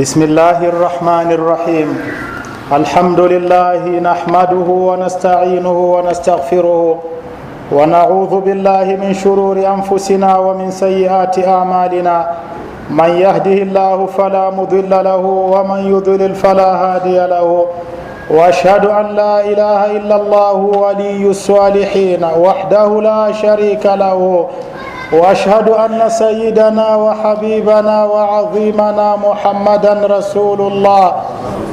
بسم الله الرحمن الرحيم الحمد لله نحمده ونستعينه ونستغفره ونعوذ بالله من شرور انفسنا ومن سيئات اعمالنا من يهده الله فلا مضل له ومن يضلل فلا هادي له واشهد ان لا اله الا الله ولي الصالحين وحده لا شريك له واشهد ان سيدنا وحبيبنا وعظيمنا محمدا رسول الله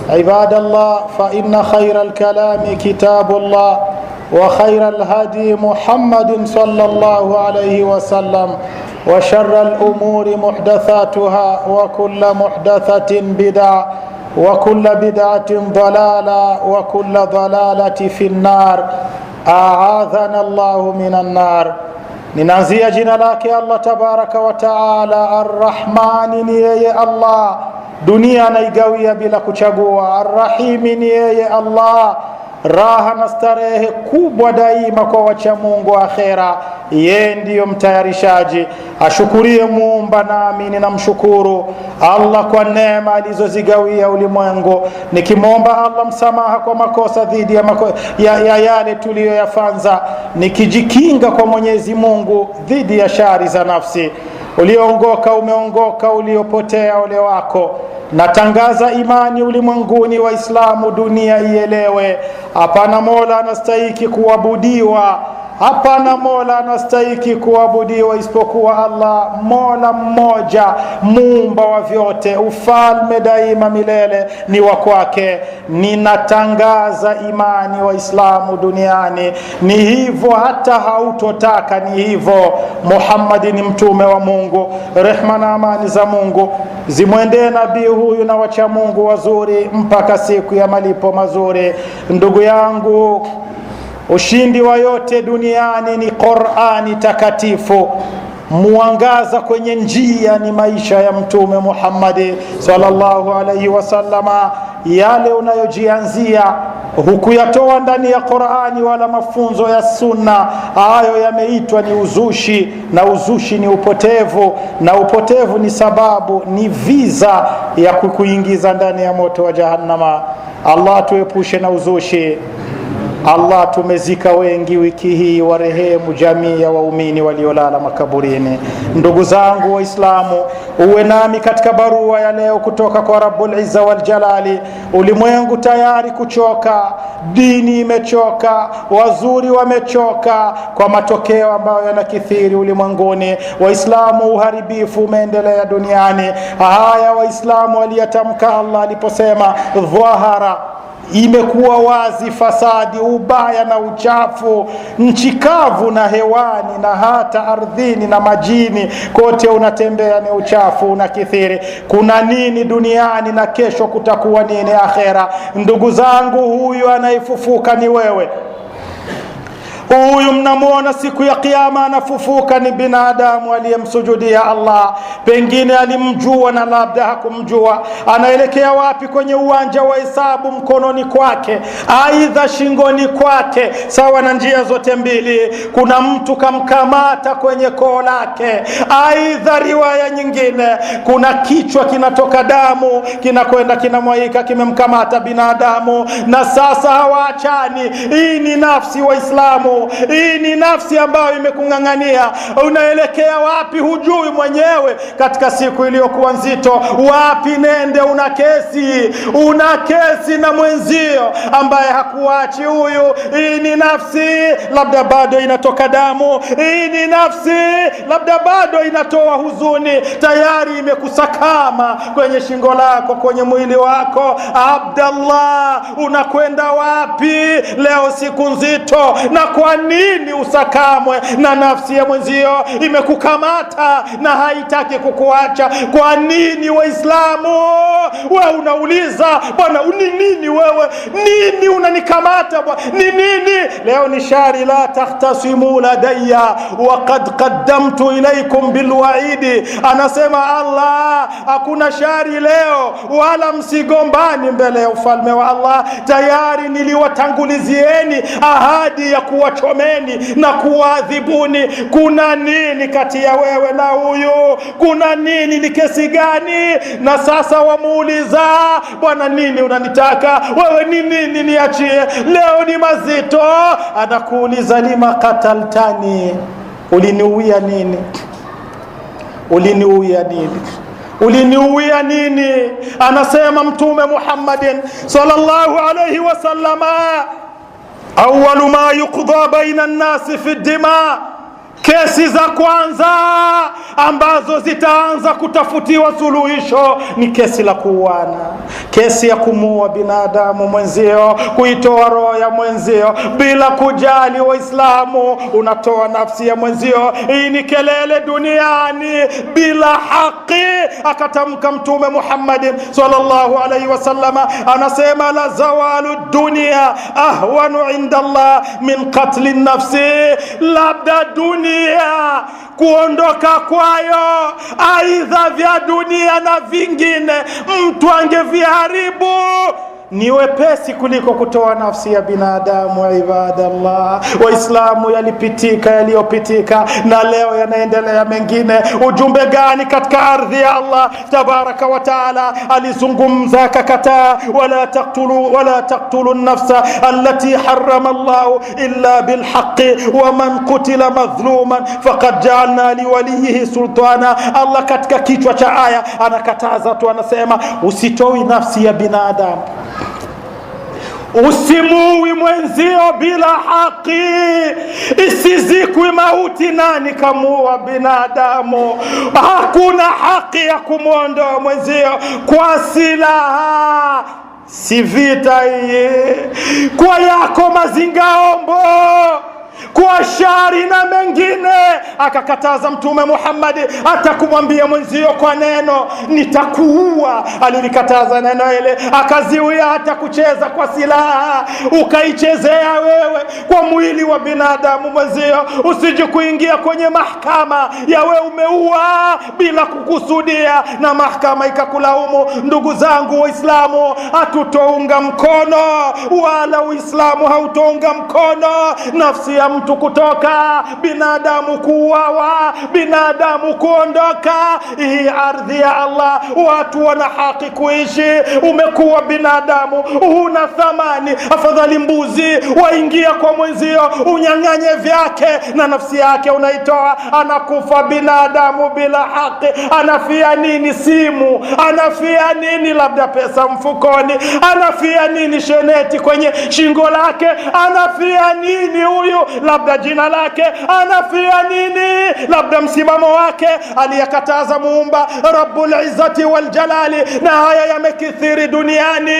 عباد الله فان خير الكلام كتاب الله وخير الهدي محمد صلى الله عليه وسلم وشر الامور محدثاتها وكل محدثه بدع وكل بدعه ضلاله وكل ضلاله في النار اعاذنا الله من النار Ninaanzia jina lake Allah tabaraka wa taala. Arrahmani ni yeye Allah, dunia anaigawia bila kuchagua. Arrahimi ni yeye Allah, raha na starehe kubwa daima kwa wacha Mungu akhera yeye ndiyo mtayarishaji, ashukurie Muumba, nami ninamshukuru Allah kwa neema alizozigawia ulimwengu, nikimwomba Allah msamaha kwa makosa dhidi ya, mako, ya, ya yale tuliyoyafanza, nikijikinga kwa Mwenyezi Mungu dhidi ya shari za nafsi. Ulioongoka umeongoka, uliopotea ole wako. Natangaza imani ulimwenguni, Waislamu dunia ielewe, hapana mola anastahiki kuabudiwa Hapana mola anastahiki kuabudiwa isipokuwa Allah, mola mmoja, muumba wa vyote. Ufalme daima milele ni wa kwake. Ninatangaza imani Waislamu duniani ni hivyo, hata hautotaka ni hivyo. Muhammadi ni mtume wa Mungu, rehma na amani za Mungu zimwendee nabii huyu na wacha Mungu wazuri mpaka siku ya malipo mazuri. Ndugu yangu Ushindi wa yote duniani ni Qur'ani takatifu, mwangaza kwenye njia ni maisha ya Mtume Muhammad sallallahu alaihi wasalama Yale unayojianzia hukuyatoa ndani ya Qur'ani wala mafunzo ya Sunna, hayo yameitwa ni uzushi, na uzushi ni upotevu, na upotevu ni sababu, ni viza ya kukuingiza ndani ya moto wa Jahannama. Allah tuepushe na uzushi. Allah, tumezika wengi wiki hii, warehemu jamii ya waumini waliolala makaburini. Ndugu zangu Waislamu, uwe nami katika barua ya leo kutoka kwa Rabbul Izza wal Jalali. Ulimwengu tayari kuchoka, dini imechoka, wazuri wamechoka, kwa matokeo ambayo yanakithiri ulimwenguni. Waislamu, uharibifu umeendelea duniani. Haya Waislamu aliyatamka Allah aliposema dhahara imekuwa wazi fasadi, ubaya na uchafu, nchi kavu na hewani na hata ardhini na majini, kote unatembea ni uchafu kithiri Kuna nini duniani na kesho kutakuwa nini akhera? Ndugu zangu, huyu anayefufuka ni wewe. Huyu mnamwona siku ya Kiyama anafufuka, ni binadamu aliyemsujudia Allah, pengine alimjua na labda hakumjua. Anaelekea wapi? Kwenye uwanja wa hisabu, mkononi kwake aidha shingoni kwake, sawa na njia zote mbili. Kuna mtu kamkamata kwenye koo lake, aidha riwaya nyingine, kuna kichwa kinatoka damu kinakwenda kinamwaika, kimemkamata binadamu, na sasa hawaachani. Hii ni nafsi Waislamu hii ni nafsi ambayo imekung'ang'ania. Unaelekea wapi? Hujui mwenyewe. Katika siku iliyokuwa nzito, wapi nende? Una kesi, una kesi na mwenzio ambaye hakuachi huyu. Hii ni nafsi, labda bado inatoka damu. Hii ni nafsi, labda bado inatoa huzuni. Tayari imekusakama kwenye shingo lako, kwenye mwili wako. Abdallah, unakwenda wapi leo? Siku nzito na kwa nini usakamwe na nafsi ya mwenzio imekukamata na haitaki kukuacha? Kwa nini Waislamu we unauliza bwana, ni nini wewe, nini unanikamata bwana, ni nini leo? Ni shari la tahtasimu ladayya wa qad qaddamtu ilaykum bilwaidi, anasema Allah, hakuna shari leo wala msigombani mbele ya ufalme wa Allah, tayari niliwatangulizieni ahadi ya kuwa kuwachomeni na kuwaadhibuni. Kuna nini kati ya wewe na huyu? Kuna nini? Ni kesi gani? Na sasa wamuuliza, Bwana, nini unanitaka wewe? Ni nini? Niachie leo, ni mazito. Anakuuliza, lima kataltani, uliniuia nini? uliniuia nini? uliniuia nini? Anasema Mtume Muhammadin sallallahu alayhi wasallama أول ما يقضى بين الناس في الدماء Kesi za kwanza ambazo zitaanza kutafutiwa suluhisho ni kesi la kuuana, kesi ya kumuua binadamu mwenzio, kuitoa roho ya mwenzio bila kujali Waislamu, unatoa nafsi ya mwenzio. Hii ni kelele duniani bila haki, akatamka Mtume Muhammadin sallallahu alaihi wasallama, anasema la zawalu dunia ahwanu inda Allah min qatli nafsi, labda dunia kuzuia kuondoka kwayo, aidha vya dunia na vingine, mtu angeviharibu ni wepesi kuliko kutoa nafsi ya binadamu. Ibadallah, Waislamu, yalipitika yaliyopitika na leo yanaendelea mengine. Ujumbe gani katika ardhi ya Allah tabaraka wa taala? Alizungumza akakataa, wala taktulu wala taktulu nafsa allati harrama Allah illa bilhaqi wa man kutila madhluman faqad jaalna liwalihi sultana. Allah katika kichwa cha aya anakataza tu, anasema usitoi nafsi ya binadamu Usimuwi mwenzio bila haki, isizikwi mauti. Nani kamuua binadamu? Hakuna haki ya kumwondoa mwenzio kwa silaha. Si vita hii, kwa yako mazingaombo kwa shari na mengine. Akakataza Mtume Muhammadi hata kumwambia mwenzio kwa neno nitakuua, alilikataza neno ile. Akaziwia hata kucheza kwa silaha, ukaichezea wewe kwa mwili wa binadamu mwenzio, usije kuingia kwenye mahakama ya we umeua bila kukusudia na mahakama ikakulaumu. Ndugu zangu Waislamu, hatutounga mkono wala Uislamu hautounga mkono nafsi ya mtu kutoka, binadamu kuuawa, binadamu kuondoka. Hii ardhi ya Allah watu wana haki kuishi. Umekuwa binadamu huna thamani, afadhali mbuzi waingia kwa mwenzio unyang'anye vyake na nafsi yake unaitoa, anakufa binadamu bila haki. Anafia nini simu? Anafia nini labda pesa mfukoni? Anafia nini sheneti kwenye shingo lake? Anafia nini huyu labda jina lake anafia nini, labda msimamo wake aliyekataza muumba Rabbul Izzati wal Jalali. Na haya yamekithiri duniani,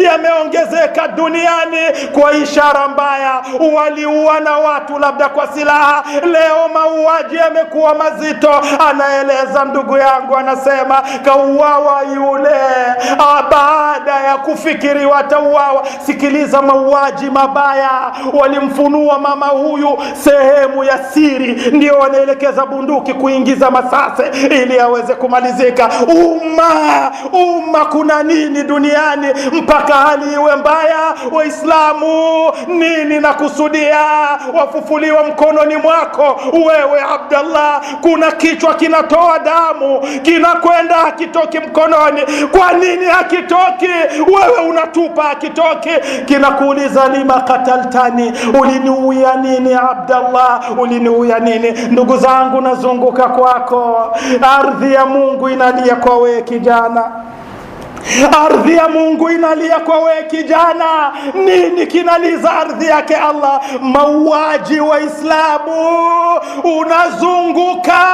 yameongezeka duniani kwa ishara mbaya. waliua na watu labda kwa silaha, leo mauaji yamekuwa mazito. Anaeleza ndugu yangu, anasema kauawa yule baada ya kufikiri watauawa. Sikiliza, mauaji mabaya walimfunua ma mama huyu sehemu ya siri, ndio wanaelekeza bunduki kuingiza masase ili aweze kumalizika. Umma, umma, kuna nini duniani mpaka hali iwe mbaya? Waislamu, nini nakusudia? Wafufuliwa mkononi mwako wewe Abdallah, kuna kichwa kinatoa damu kinakwenda hakitoki mkononi. Kwa nini hakitoki? Wewe unatupa hakitoki. Kinakuuliza lima kataltani, uliniuia Uliniuya nini Abdallah, uliniuya nini? Ndugu zangu, nazunguka kwako, ardhi ya Mungu inalia kwa wewe kijana ardhi ya Mungu inalia kwa we kijana. Nini kinaliza ardhi yake Allah? Mauaji Waislamu, unazunguka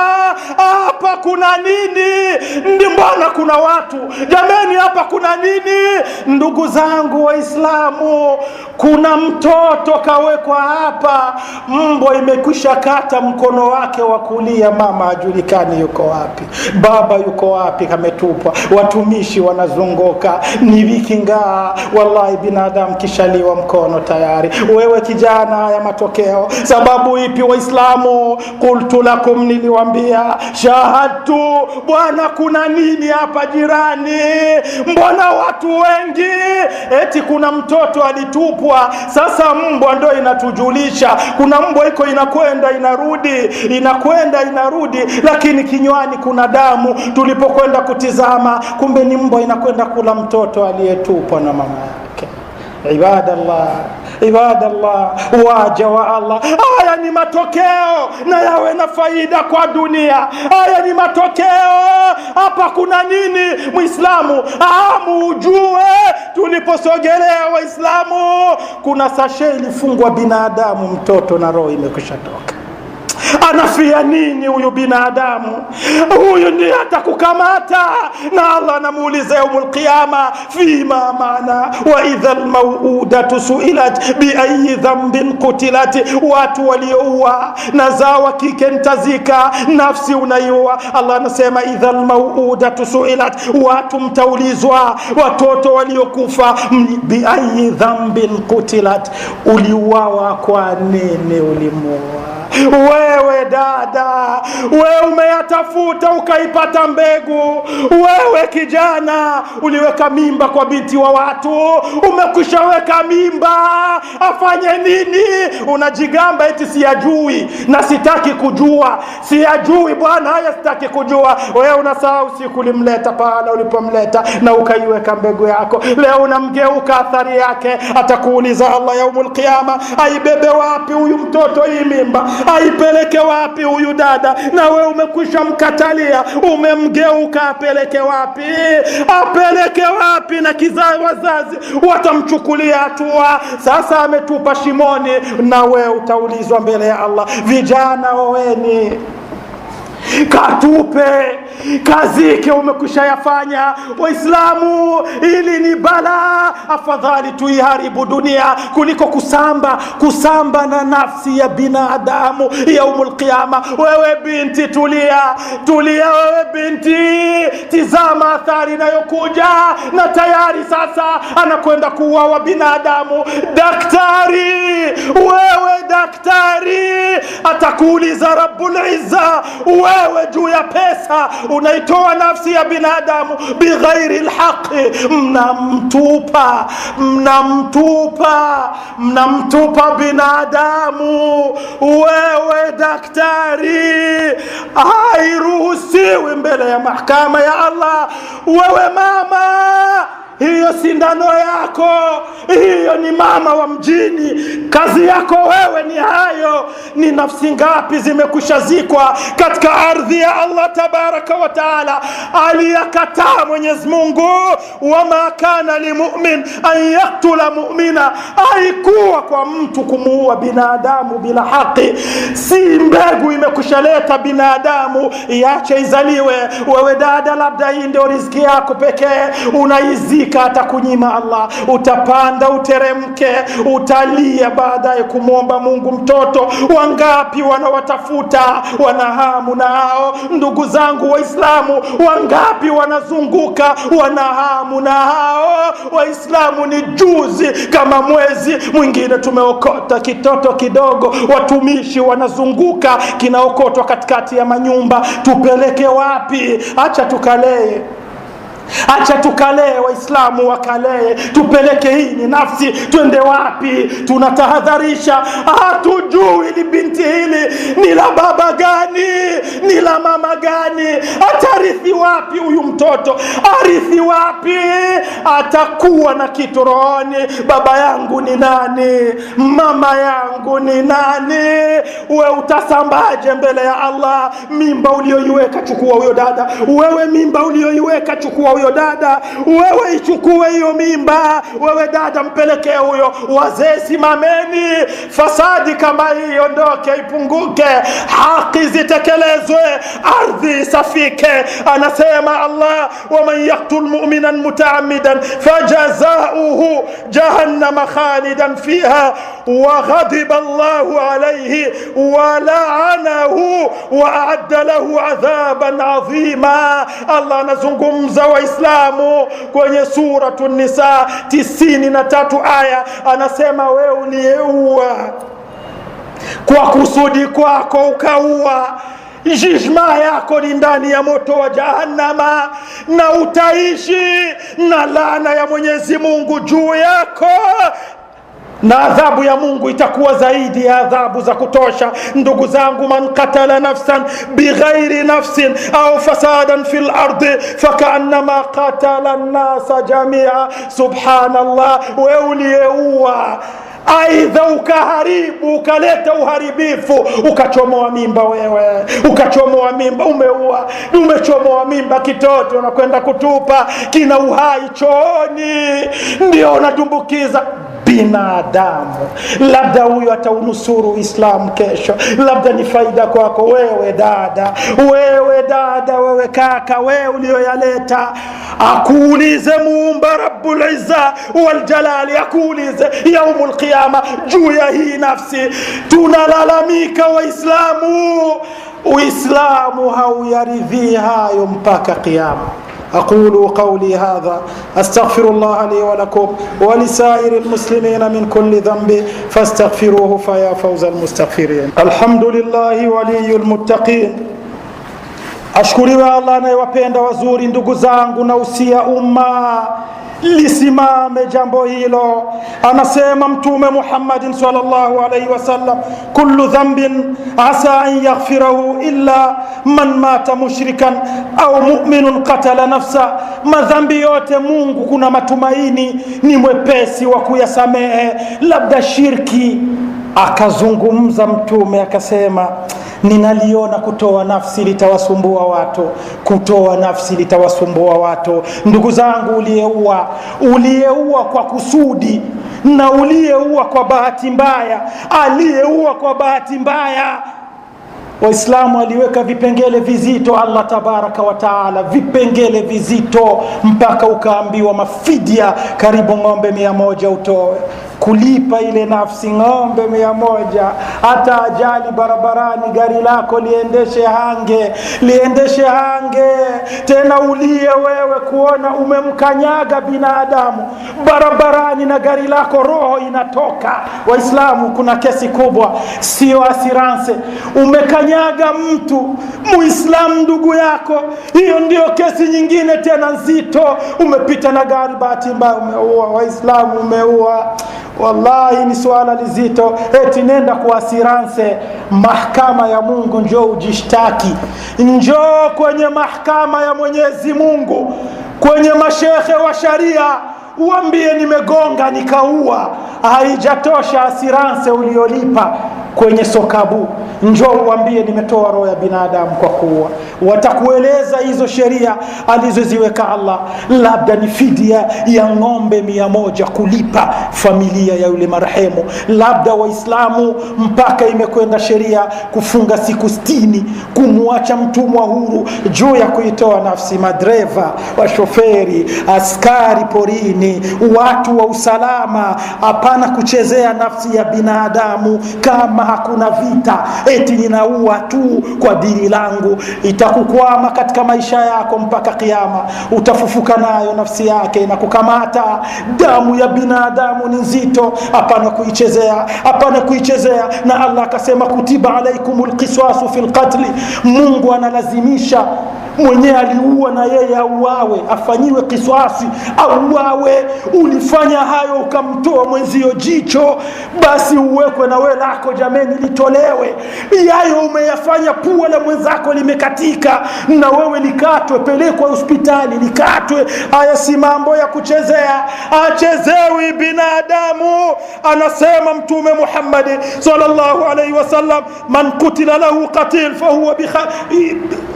hapa, kuna nini? Ndi mbona kuna watu jamani hapa kuna nini? Ndugu zangu Waislamu, kuna mtoto kawekwa hapa, mbwa imekwisha kata mkono wake wa kulia, mama ajulikani yuko wapi, baba yuko wapi, kametupwa, watumishi wanazunguka, ni wiki ngaa. Wallahi binadamu kishaliwa mkono tayari. Wewe kijana, haya matokeo sababu ipi? Waislamu, kultu lakum, niliwambia shahadtu. Bwana, kuna nini hapa jirani? Mbona watu wengi eti kuna mtoto alitupwa. Sasa mbwa ndo inatujulisha kuna mbwa iko inakwenda inarudi inakwenda inarudi, lakini kinywani kuna damu. Tulipokwenda kutizama, kumbe ni mbwa inakwenda kula mtoto aliyetupwa na mama Ibada llah ibada llah waja wa Allah. Haya ni matokeo na yawe na faida kwa dunia. Haya ni matokeo. Hapa kuna nini, Mwislamu? Amu ujue tuliposogelea Waislamu, kuna sashe ilifungwa binadamu, mtoto na roho imekwisha toka anafia nini huyu binadamu huyu ndiye atakukamata na allah anamuuliza yaumu lqiama fima mana wa idha lmauudatu suilat biayi dhambin kutilat watu waliouwa na zao wa kike ntazika nafsi unaiua allah anasema idha lmauudatu suilat watu mtaulizwa watoto waliokufa biayi dhambin kutilat uliuwawa kwa nini ulimuua wewe dada, wewe umeyatafuta ukaipata mbegu. Wewe kijana, uliweka mimba kwa binti wa watu, umekwishaweka mimba, afanye nini? Unajigamba eti siyajui na sitaki kujua, siyajui bwana, haya sitaki kujua. Wewe unasahau siku ulimleta pahala ulipomleta na ukaiweka mbegu yako. Leo unamgeuka, athari yake atakuuliza Allah yaumul qiyama, aibebe wapi huyu mtoto hii mimba aipeleke wapi huyu dada? Na we umekwisha mkatalia, umemgeuka, apeleke wapi? Apeleke wapi? Na kizazi wazazi watamchukulia hatua. Sasa ametupa shimoni, na we utaulizwa mbele ya Allah. Vijana oweni Katupe kazi yake umekwisha yafanya. Waislamu, ili ni bala afadhali tuiharibu dunia kuliko kusamba kusamba na nafsi ya binadamu yaumul qiyama. Wewe binti, tulia tulia, wewe binti, tizama athari inayokuja, na tayari sasa anakwenda kuuawa binadamu. Daktari wewe atakuuliza Rabbul Izza, wewe juu ya pesa unaitoa nafsi ya binadamu bighairi lhaqi, mnamtupa mnamtupa mnamtupa binadamu. Wewe daktari, hairuhusiwi mbele ya mahakama ya Allah. Wewe mama hiyo sindano yako hiyo ni mama wa mjini. Kazi yako wewe ni hayo. Ni nafsi ngapi zimekushazikwa katika ardhi ya Allah tabaraka wa taala? Aliyakataa Mwenyezi Mungu, wama kana limumin an yaktula mu'mina, haikuwa kwa mtu kumuua binadamu bila haki. Si mbegu imekushaleta binadamu iache izaliwe. Wewe dada, labda hii ndio riziki yako pekee unaizika hata atakunyima Allah. Utapanda uteremke, utalia, baadaye kumwomba Mungu. Mtoto wangapi wanawatafuta, wanahamu nao. Ndugu zangu Waislamu wangapi wanazunguka, wanahamu nao. Waislamu ni juzi kama mwezi mwingine, tumeokota kitoto kidogo, watumishi wanazunguka, kinaokotwa katikati ya manyumba, tupeleke wapi? Acha tukalee. Acha tukalee, Waislamu wakalee, tupeleke hii ni nafsi, twende wapi? Tunatahadharisha, hatujui ni binti hili ni la baba gani, ni la mama gani, atarithi wapi huyu mtoto, arithi wapi, atakuwa na kitu baba yangu ni nani, mama yangu ni nani? We utasambaje mbele ya Allah? Mimba ulioiweka chukua huyo dada, wewe mimba ulioiweka chukua huyo dada, wewe ichukue hiyo mimba, wewe dada mpelekee huyo. Wazee simameni, fasadi kama hii iondoke, ipunguke, haki zitekelezwe, ardhi isafike. Anasema Allah, waman yaktul muminan mutaamidan fajazauhu jahannama khalidan fiha waghadiba Allahu alayhi walaanahu waadda lahu adhaban adhima. Allah anazungumza wa Waislamu kwenye suratu Nisa tisini na tatu aya anasema, wewe uliyeua kwa kusudi kwako ukaua njishma yako ni ndani ya moto wa Jahannama, na utaishi na laana ya Mwenyezi Mungu juu yako na adhabu ya Mungu itakuwa zaidi ya adhabu za kutosha. Ndugu zangu, man katala nafsan bighairi nafsin au fasadan fil lardi fakaannama qatala nnasa jamia. Subhanallah, we uliyeua aidha ukaharibu ukaleta uharibifu, ukachomoa mimba, wewe ukachomoa mimba, umeua, umechomoa mimba, kitoto unakwenda kutupa, kina uhai chooni, ndio unatumbukiza binadamu. Labda huyo ataunusuru Uislamu kesho, labda ni faida kwako wewe dada, wewe dada, wewe kaka, wewe uliyoyaleta. Akuulize muumba Rabbul Izza wal Jalali, akuulize yaumul qiyama juu ya hii nafsi. Tunalalamika Waislamu, Uislamu hauyaridhii hayo mpaka kiyama. أقول قولي هذا أستغفر الله لي ولكم ولسائر المسلمين من كل ذنب فاستغفروه فيا فوز المستغفرين الحمد لله ولي المتقين أشكر الله anayewapenda وزور ndugu نوسي na lisimame jambo hilo. Anasema Mtume Muhammadin sallallahu alaihi wasallam, kullu dhanbin asa an yaghfirahu illa man mata mushrikan au muminun qatala nafsa, madhambi yote Mungu kuna matumaini ni mwepesi wa kuyasamehe, labda shirki. Akazungumza Mtume akasema ninaliona kutoa nafsi litawasumbua watu, kutoa nafsi litawasumbua watu. Ndugu zangu, uliyeua uliyeua kwa kusudi na uliyeua kwa bahati mbaya, aliyeua kwa bahati mbaya Waislamu aliweka vipengele vizito, Allah tabaraka wa taala, vipengele vizito mpaka ukaambiwa mafidia karibu ng'ombe mia moja utoe kulipa ile nafsi ng'ombe mia moja. Hata ajali barabarani, gari lako liendeshe hange, liendeshe hange tena, ulie wewe kuona umemkanyaga binadamu barabarani na gari lako, roho inatoka. Waislamu, kuna kesi kubwa, sio asiranse, umekanyaga mtu muislamu ndugu yako, hiyo ndio kesi nyingine tena nzito. Umepita na gari, bahati mbaya umeua. Waislamu, umeua Wallahi ni swala lizito, eti nenda kuasiranse mahakama ya Mungu, njoo ujishtaki, njoo kwenye mahakama ya Mwenyezi Mungu, kwenye mashekhe wa sharia uambie, nimegonga nikaua. Haijatosha asiranse uliolipa kwenye sokabu, njoo uambie nimetoa roho ya binadamu kwa kuua. Watakueleza hizo sheria alizoziweka Allah, labda ni fidia ya ng'ombe mia moja kulipa familia ya yule marehemu, labda Waislamu mpaka imekwenda sheria kufunga siku sitini kumwacha mtumwa huru juu ya kuitoa nafsi. Madereva, washoferi, askari porini, watu wa usalama, hapana kuchezea nafsi ya binadamu kama hakuna vita, eti ninaua tu kwa dini langu. Itakukwama katika maisha yako mpaka kiama, utafufuka nayo nafsi yake na kukamata. Damu ya binadamu ni nzito, hapana kuichezea, hapana kuichezea. Na Allah akasema kutiba alaikumul lkiswasu fil qatl, Mungu analazimisha mwenye aliua na yeye auawe, afanyiwe kiswasi, auawe. Ulifanya hayo ukamtoa mwenzio jicho, basi uwekwe na wewe lako jameni, litolewe. Yayo umeyafanya, pua la mwenzako limekatika, na wewe likatwe, pelekwa hospitali likatwe. Haya si mambo ya kuchezea, achezewi binadamu. Anasema Mtume Muhammadi sallallahu alaihi wasallam, man kutila lahu qatil fahuwa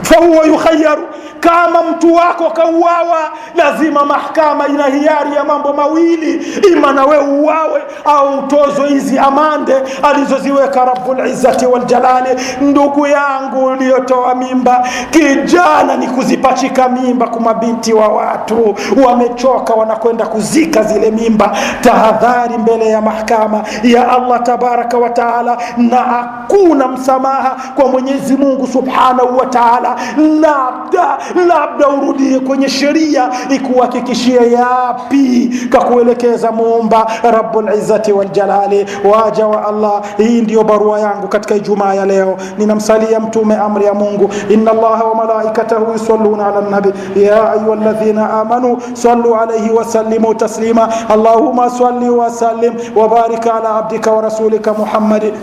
fahuwa yukhayaru kama mtu wako kauawa, lazima mahkama ina hiari ya mambo mawili, ima na wewe uwawe au utozwe hizi amande alizoziwe aliyokiweka Rabbul Izzati wal Jalali. Ndugu yangu uliotoa mimba, kijana ni kuzipachika mimba kwa mabinti wa watu, wamechoka wanakwenda kuzika zile mimba. Tahadhari mbele ya mahakama ya Allah tabaraka wa taala, na hakuna msamaha kwa Mwenyezi Mungu subhanahu wa taala. Labda labda urudie kwenye sheria ikuhakikishie yapi kakuelekeza muumba Rabbul Izzati wal Jalali, waja wa Allah hii ndiyo barua yangu katika Ijumaa ya leo. Ninamsalia mtume amri ya Mungu, inna Allaha wa malaikatahu yusalluna ala nabi ya ayuha ayyuhalladhina amanu sallu alayhi wasallimu taslima allahumma salli wa sallim barik ala abdika wa rasulika Muhammad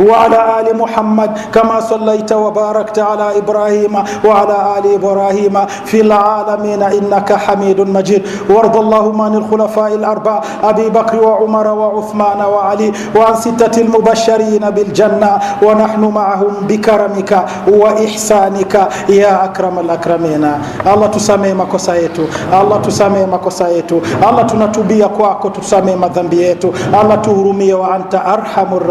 وعلى آل محمد كما صليت وباركت على إبراهيم وعلى آل إبراهيم في العالمين إنك حميد مجيد وارض اللهم عن الخلفاء الأربعة أبي بكر وعمر وعثمان وعلي وعن ستة المبشرين بالجنة ونحن معهم بكرمك وإحسانك يا أكرم الأكرمين الله تسامي ما الله تسامي ما makosa yetu Allah tunatubia kwako tusamee madhambi yetu Allah tuhurumie wa anta arhamur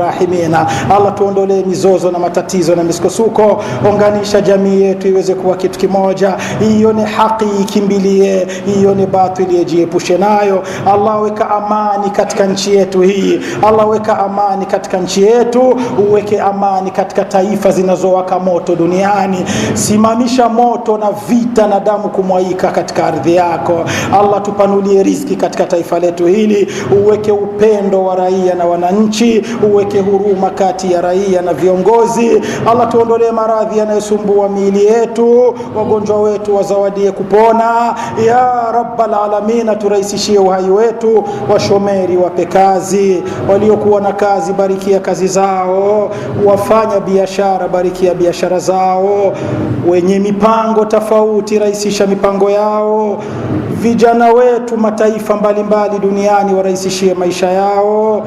Allah tuondolee mizozo na matatizo na misukosuko, onganisha jamii yetu iweze kuwa kitu kimoja, ione haki ikimbilie, ione batili ijiepushe nayo. Allah weka amani katika nchi yetu hii, Allah weka amani katika nchi yetu, uweke amani katika taifa zinazowaka moto duniani, simamisha moto na vita na damu kumwaika katika ardhi yako. Allah tupanulie riziki katika taifa letu hili, uweke upendo wa raia na wananchi, uweke huruma kati harakati ya raia na viongozi. Allah, tuondolee maradhi yanayosumbua miili yetu, wagonjwa wetu wazawadie kupona ya rabbal alamin, turahisishie uhai wetu. Washomeri wape kazi, waliokuwa na kazi barikia kazi zao, wafanya biashara barikia biashara zao, wenye mipango tofauti rahisisha mipango yao vijana wetu mataifa mbalimbali mbali duniani warahisishie maisha yao.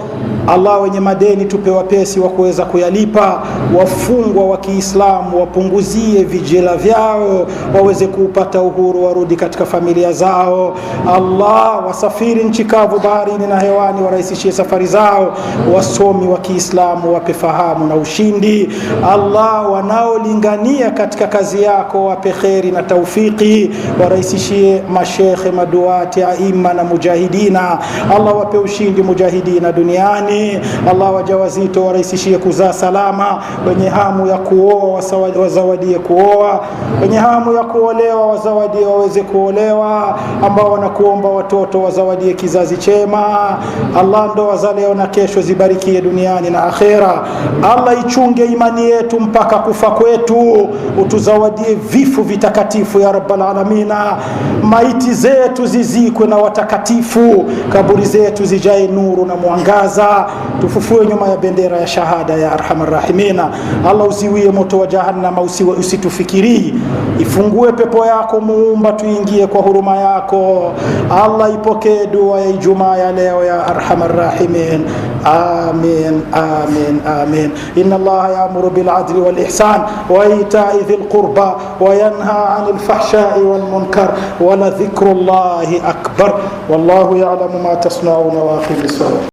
Allah, wenye madeni tupe wapesi wa kuweza kuyalipa. Wafungwa wa Kiislamu wapunguzie vijela vyao, waweze kuupata uhuru, warudi katika familia zao. Allah, wasafiri nchi kavu, baharini na hewani, warahisishie safari zao. Wasomi wa Kiislamu wape fahamu na ushindi. Allah, wanaolingania katika kazi yako wape kheri na taufiki, warahisishie mashekhe, maduati, aima na mujahidina. Allah, wape ushindi mujahidina duniani amani. Allah, wajawazito warahisishie kuzaa salama, wenye hamu ya kuoa wazawadie kuoa, wenye hamu ya kuolewa wazawadie waweze kuolewa, ambao wanakuomba watoto wazawadie kizazi chema. Allah, ndoa za leo na kesho zibarikie duniani na akhera. Allah, ichunge imani yetu mpaka kufa kwetu, utuzawadie vifo vitakatifu ya rabbal alamina. Maiti zetu zizikwe na watakatifu, kaburi zetu zijae nuru na mwangaza tufufue nyuma ya bendera ya shahada ya arhamar rahimina. Allah, uziwie moto wa jahannama usitufikirii, ifungue pepo yako Muumba, tuingie kwa huruma yako. Allah, ipokee dua ya Ijumaa ya leo ya arhamar rahimin. Amin, amin, amin. Inna Allah ya'muru bil adli wal ihsan wa ita'i dhil qurba wa yanha 'anil fahsha'i wal munkar wa la dhikrullahi akbar wallahu ya'lamu ma tasna'una wa aqim